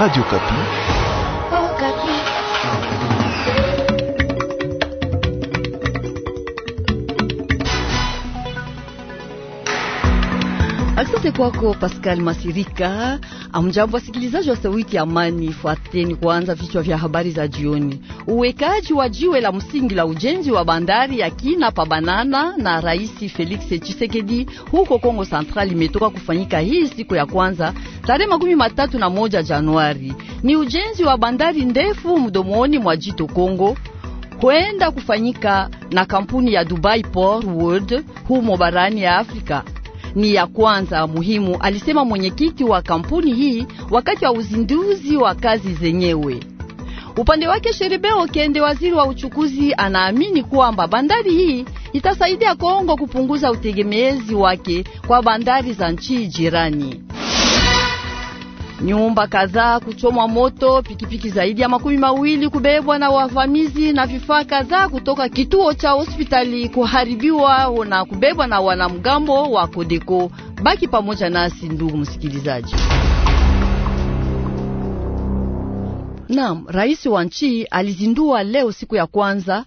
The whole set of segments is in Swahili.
Radio Kapi. Asante kwako Pascal Masirika. Amjambo wasikilizaji wa Sauti ya Amani, fuateni kwanza vichwa vya habari za jioni. Uwekaji wa jiwe la msingi la ujenzi wa bandari ya kina pa Banana na Rais Felix Tshisekedi huko Kongo Central imetoka kufanyika hii siku ya kwanza tarehe makumi matatu na moja Januari. Ni ujenzi wa bandari ndefu mdomoni mwa jito Kongo kwenda kufanyika na kampuni ya Dubai Port World humo barani ya Afrika ni ya kwanza muhimu, alisema mwenyekiti wa kampuni hii wakati wa uzinduzi wa kazi zenyewe. Upande wake Sheribe Okende, waziri wa uchukuzi, anaamini kwamba bandari hii itasaidia Kongo kupunguza utegemezi wake kwa bandari za nchi jirani nyumba kadhaa kuchomwa moto, pikipiki zaidi ya makumi mawili kubebwa na wavamizi na vifaa kadhaa kutoka kituo cha hospitali kuharibiwa na kubebwa na wanamgambo wa Kodeko. Baki pamoja nasi ndugu msikilizaji. Naam, rais wa nchi alizindua leo siku ya kwanza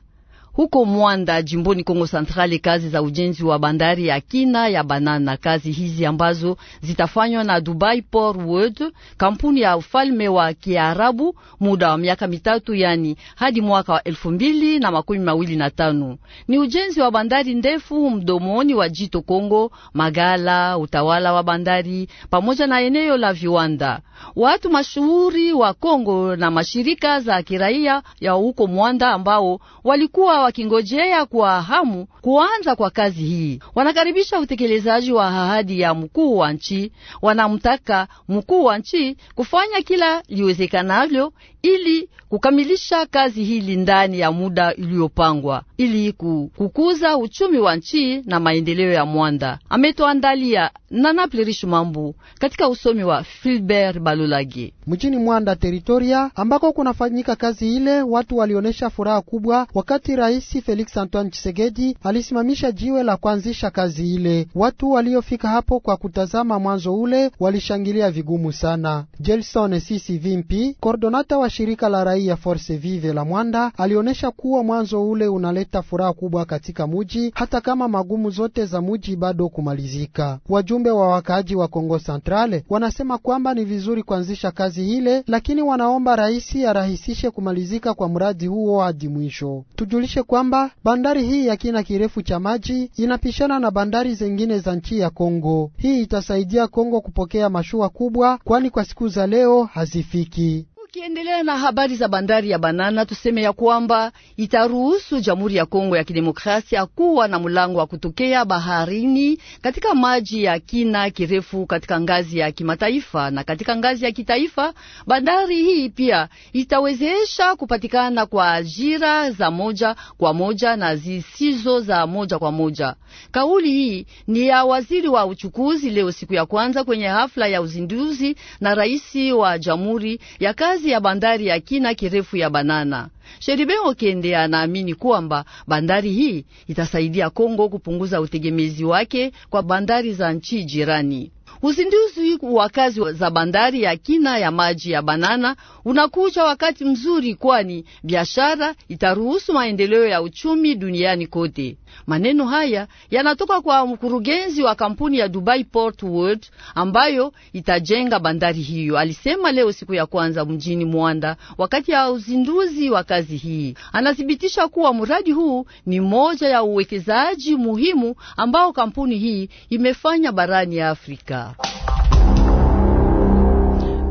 huko Mwanda jimboni Kongo Centrale kazi za ujenzi wa bandari ya kina ya Banana. Kazi hizi ambazo zitafanywa na Dubai Port World, kampuni ya ufalme wa Kiarabu, muda wa miaka mitatu, yani hadi mwaka wa elfu mbili na makumi mawili na tano. Ni ujenzi wa bandari ndefu mdomoni wa jito Kongo, magala, utawala wa bandari pamoja na eneo la viwanda. Watu mashuhuri wa Kongo na mashirika za kiraia ya huko Mwanda ambao walikuwa wakingojea kwa hamu kuanza kwa kazi hii. Wanakaribisha utekelezaji wa ahadi ya mkuu wa nchi, wanamtaka mkuu wa nchi kufanya kila liwezekanavyo ili kukamilisha kazi hili ndani ya muda uliopangwa ili kukuza uchumi wa nchi na maendeleo ya Mwanda. Ametoandalia Nana Plerish Mambu katika usomi wa Filbert Balulage mjini Mwanda teritoria ambako kunafanyika kazi ile. Watu walionesha furaha kubwa wakati ra Rais Felix Antoine Tshisekedi alisimamisha jiwe la kuanzisha kazi ile. Watu waliofika hapo kwa kutazama mwanzo ule walishangilia vigumu sana. Jelson Sisi Vimpi, kordonata wa shirika la raia Force Vive la Mwanda, alionyesha kuwa mwanzo ule unaleta furaha kubwa katika muji, hata kama magumu zote za muji bado kumalizika. Wajumbe wa wakaaji wa Kongo Centrale wanasema kwamba ni vizuri kuanzisha kazi ile, lakini wanaomba rais arahisishe kumalizika kwa mradi huo hadi mwisho. Tujulishe Tukumbushe kwamba bandari hii ya kina kirefu cha maji inapishana na bandari zingine za nchi ya Kongo. Hii itasaidia Kongo kupokea mashua kubwa, kwani kwa siku za leo hazifiki. Tukiendelea na habari za bandari ya Banana, tuseme ya kwamba itaruhusu Jamhuri ya Kongo ya Kidemokrasia kuwa na mlango wa kutokea baharini katika maji ya kina kirefu katika ngazi ya kimataifa na katika ngazi ya kitaifa. Bandari hii pia itawezesha kupatikana kwa ajira za moja kwa moja na zisizo za moja kwa moja. Kauli hii ni ya waziri wa uchukuzi leo siku ya kwanza kwenye hafla ya uzinduzi na rais wa Jamhuri ya kazi kazi ya bandari ya kina kirefu ya Banana. Sheribe Okende anaamini kwamba bandari hii itasaidia Kongo kupunguza utegemezi wake kwa bandari za nchi jirani. Uzinduzi wa kazi za bandari ya kina ya maji ya Banana unakuja wakati mzuri, kwani biashara itaruhusu maendeleo ya uchumi duniani kote. Maneno haya yanatoka kwa mkurugenzi wa kampuni ya Dubai Port World ambayo itajenga bandari hiyo, alisema leo siku ya kwanza mjini Mwanda wakati ya uzinduzi wa kazi hii. Anathibitisha kuwa mradi huu ni moja ya uwekezaji muhimu ambao kampuni hii imefanya barani ya Afrika. Star.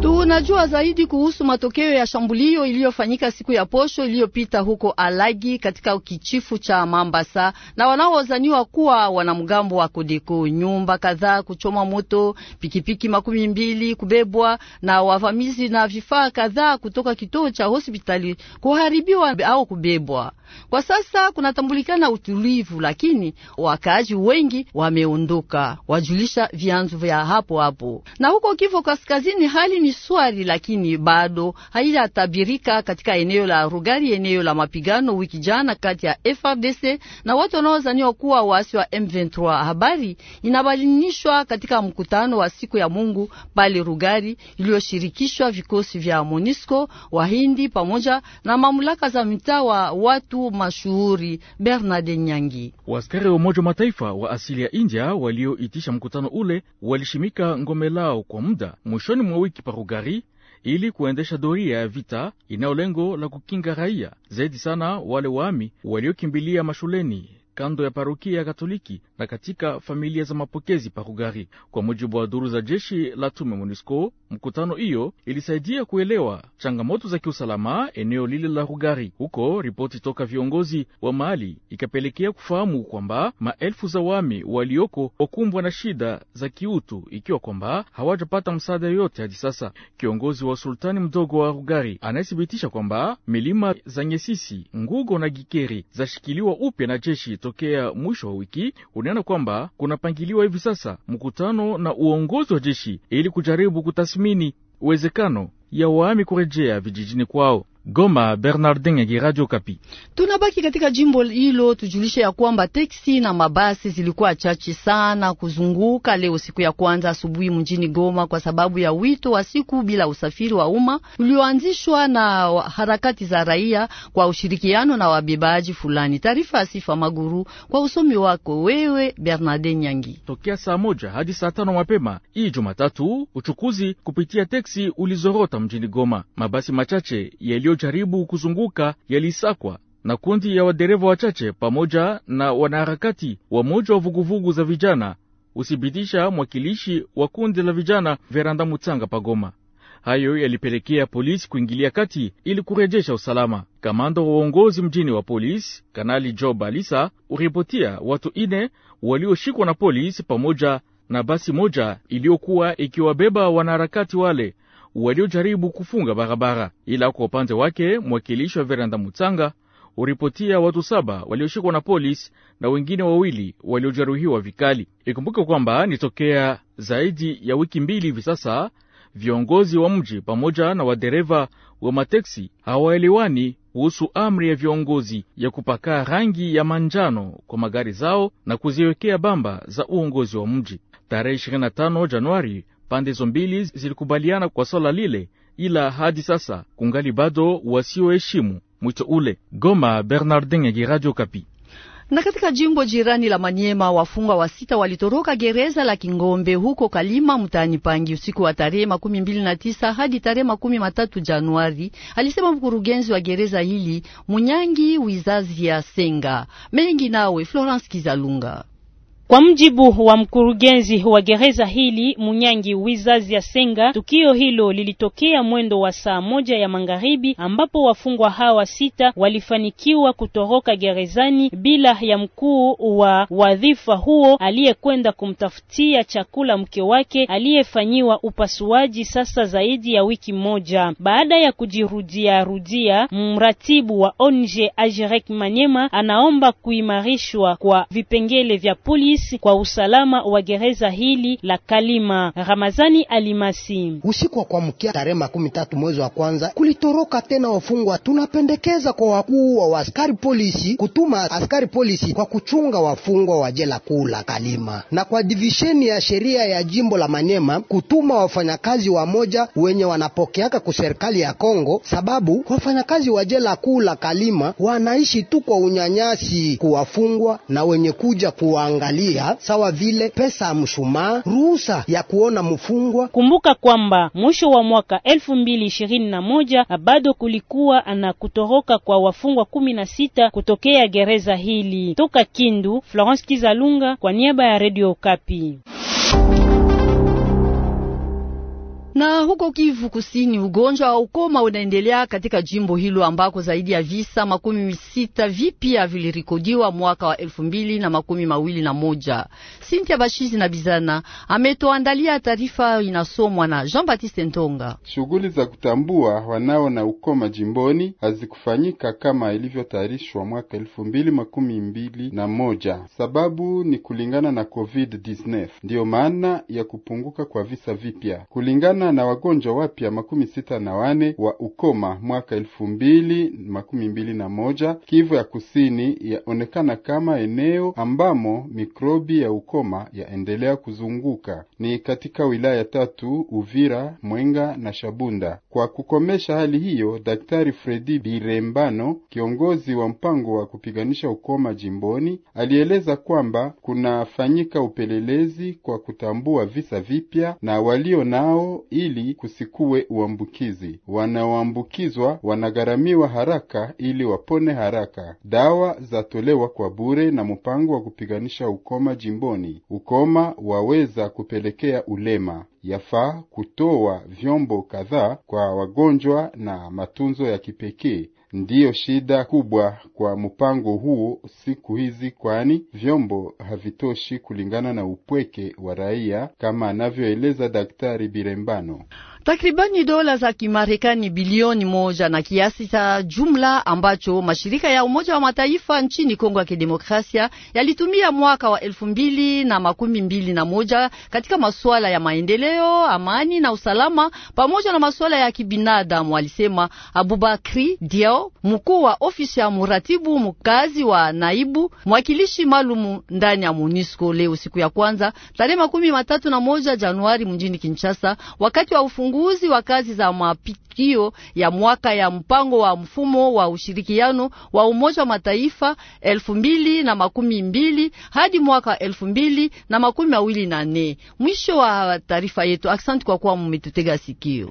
Tunajua zaidi kuhusu matokeo ya shambulio iliyofanyika siku ya posho iliyopita huko Alagi katika kichifu cha Mambasa na wanaozaniwa kuwa wanamgambo wa Kodeko. Nyumba kadhaa kuchoma moto, pikipiki makumi mbili kubebwa na wavamizi na vifaa kadhaa kutoka kituo cha hospitali kuharibiwa au kubebwa. Kwa sasa kunatambulikana utulivu, lakini wakaaji wengi wameondoka, wajulisha vyanzo vya hapo hapo. Na huko Kivu Kaskazini hali ni swali lakini bado haijatabirika katika eneo la Rugari, eneo la mapigano wiki jana kati ya FRDC na watu wanaozaniwa kuwa waasi wa M23. Habari inabainishwa katika mkutano wa siku ya Mungu pale Rugari iliyoshirikishwa vikosi vya MONUSCO wahindi pamoja na mamlaka za mitaa wa watu mashuhuri. Bernard Nyangi, waskari wa Umoja wa Mataifa wa asili ya India walioitisha mkutano ule walishimika ngome lao kwa muda mwishoni mwa wiki pa Rugari ili kuendesha doria ya vita inayo lengo la kukinga raia zaidi sana wale waami waliokimbilia mashuleni kando ya parokia ya Katoliki na katika familia za mapokezi Parugari. Kwa mujibu wa duru za jeshi la tume MONUSCO, mkutano hiyo ilisaidia kuelewa changamoto za kiusalama eneo lile la Rugari. Huko ripoti toka viongozi wa mahali ikapelekea kufahamu kwamba maelfu za wami walioko wakumbwa na shida za kiutu, ikiwa kwamba hawajapata msaada yoyote hadi sasa. Kiongozi wa sultani mdogo wa Rugari anayethibitisha kwamba milima za Nyesisi, Ngugo na Gikeri zashikiliwa upya na jeshi tokea mwisho wa wiki kunena kwamba kunapangiliwa hivi sasa mkutano na uongozi wa jeshi ili kujaribu kutathmini uwezekano ya waami kurejea vijijini kwao. Goma, Bernardin Egi, Radio Kapi. Tunabaki katika jimbo hilo, tujulishe ya kwamba teksi na mabasi zilikuwa chache sana kuzunguka leo siku ya kwanza asubuhi mjini Goma kwa sababu ya wito wa siku bila usafiri wa umma ulioanzishwa na harakati za raia kwa ushirikiano na wabebaji fulani. Taarifa ya Sifa Maguru kwa usomi wako wewe Bernardin Nyangi. Tokea saa moja hadi saa tano mapema hii Jumatatu, uchukuzi kupitia teksi ulizorota mjini Goma, mabasi machache yaliyo yaliyojaribu kuzunguka yalisakwa na kundi ya wadereva wachache pamoja na wanaharakati wa moja wa vuguvugu za vijana, usibitisha mwakilishi wa kundi la vijana Veranda Mutsanga Pagoma. Hayo yalipelekea polisi kuingilia kati ili kurejesha usalama. Kamanda wa uongozi mjini wa polisi Kanali Jo Balisa uripotia watu ine walioshikwa na polisi pamoja na basi moja iliyokuwa ikiwabeba wanaharakati wale waliojaribu kufunga barabara. Ila kwa upande wake mwakilishi wa Veranda Mutsanga uripotia watu saba walioshikwa na polisi na wengine wawili waliojeruhiwa vikali. Ikumbuke kwamba nitokea zaidi ya wiki mbili hivi sasa viongozi wa mji pamoja na wadereva wa mateksi hawaelewani kuhusu amri ya viongozi ya kupakaa rangi ya manjano kwa magari zao na kuziwekea bamba za uongozi wa mji. Tarehe 25 Januari Pande hizo mbili zilikubaliana kwa swala lile, ila hadi sasa kungali bado wasioheshimu mwito ule. Goma, Bernardin Egi, Radio Kapi. Na katika jimbo jirani la Manyema, wafungwa wa sita walitoroka gereza la Kingombe huko Kalima mtaani Pangi usiku wa tarehe makumi mbili na tisa hadi tarehe makumi matatu Januari, alisema mkurugenzi wa gereza hili Munyangi Wizazi ya Senga. Mengi nawe Florence Kizalunga. Kwa mjibu wa mkurugenzi wa gereza hili Munyangi Wizazi ya Senga, tukio hilo lilitokea mwendo wa saa moja ya magharibi, ambapo wafungwa hawa sita walifanikiwa kutoroka gerezani bila ya mkuu wa wadhifa huo aliyekwenda kumtafutia chakula mke wake aliyefanyiwa upasuaji sasa zaidi ya wiki moja. Baada ya kujirudia rudia, mratibu wa Onje Ajerek Manyema anaomba kuimarishwa kwa vipengele vya polisi polisi kwa usalama wa gereza hili la Kalima. Ramazani Alimasi. Usiku wa kuamkia tarehe makumi tatu mwezi wa kwanza kulitoroka tena wafungwa. Tunapendekeza kwa wakuu wa askari polisi kutuma askari polisi kwa kuchunga wafungwa wa jela kuu la Kalima na kwa divisheni ya sheria ya jimbo la Manyema kutuma wafanyakazi wamoja wenye wanapokeaka ku serikali ya Kongo, sababu wafanyakazi wa jela kuu la Kalima wanaishi tu kwa unyanyasi kuwafungwa na wenye kuja kuwaangalia sheria sawa vile pesa ya mshumaa, ruhusa ya kuona mfungwa. Kumbuka kwamba mwisho wa mwaka elfu mbili ishirini na moja bado kulikuwa na kutoroka kwa wafungwa kumi na sita kutokea gereza hili. Toka Kindu, Florence Kizalunga kwa niaba ya Radio Kapi. Na huko Kivu Kusini, ugonjwa wa ukoma unaendelea katika jimbo hilo ambako zaidi ya visa makumi sita vipya vilirikodiwa mwaka wa elfu mbili na makumi mawili na moja. Sintia Bashizi na Bizana ametoandalia taarifa, inasomwa na Jean Baptiste Ntonga. Shughuli za kutambua wanao na ukoma jimboni hazikufanyika kama ilivyotayarishwa mwaka elfu mbili makumi mbili na moja. Sababu ni kulingana na COVID-19, ndiyo maana ya kupunguka kwa visa vipya kulingana na wagonjwa wapya makumi sita na wane wa ukoma mwaka elfu mbili makumi mbili na moja. Kivu ya kusini yaonekana kama eneo ambamo mikrobi ya ukoma yaendelea kuzunguka, ni katika wilaya tatu Uvira, Mwenga na Shabunda. Kwa kukomesha hali hiyo, Daktari Fredi Birembano, kiongozi wa mpango wa kupiganisha ukoma jimboni, alieleza kwamba kunafanyika upelelezi kwa kutambua visa vipya na walio nao ili kusikuwe uambukizi. Wanaoambukizwa wanagharamiwa haraka ili wapone haraka. Dawa zatolewa kwa bure na mpango wa kupiganisha ukoma jimboni. Ukoma waweza kupelekea ulema yafaa kutoa vyombo kadhaa kwa wagonjwa na matunzo ya kipekee. Ndiyo shida kubwa kwa mpango huo siku hizi, kwani vyombo havitoshi kulingana na upweke wa raia, kama anavyoeleza Daktari Birembano. Takribani dola za Kimarekani bilioni moja na kiasi cha jumla ambacho mashirika ya Umoja wa Mataifa nchini Kongo ya Kidemokrasia yalitumia mwaka wa elfu mbili na makumi mbili na moja katika masuala ya maendeleo, amani na usalama pamoja na masuala ya kibinadamu, alisema Abubakri Diao, mkuu wa ofisi ya muratibu mkazi wa naibu mwakilishi maalumu ndani ya MONUSCO leo siku ya kwanza tarehe makumi matatu na moja Januari mjini Kinshasa wakati wa ufungu ukaguzi wa kazi za mapitio ya mwaka ya mpango wa mfumo wa ushirikiano wa Umoja wa Mataifa elfu mbili na makumi mbili hadi mwaka elfu mbili na makumi mawili na nne. Mwisho wa taarifa yetu. Asante kwa kuwa mmetutega sikio.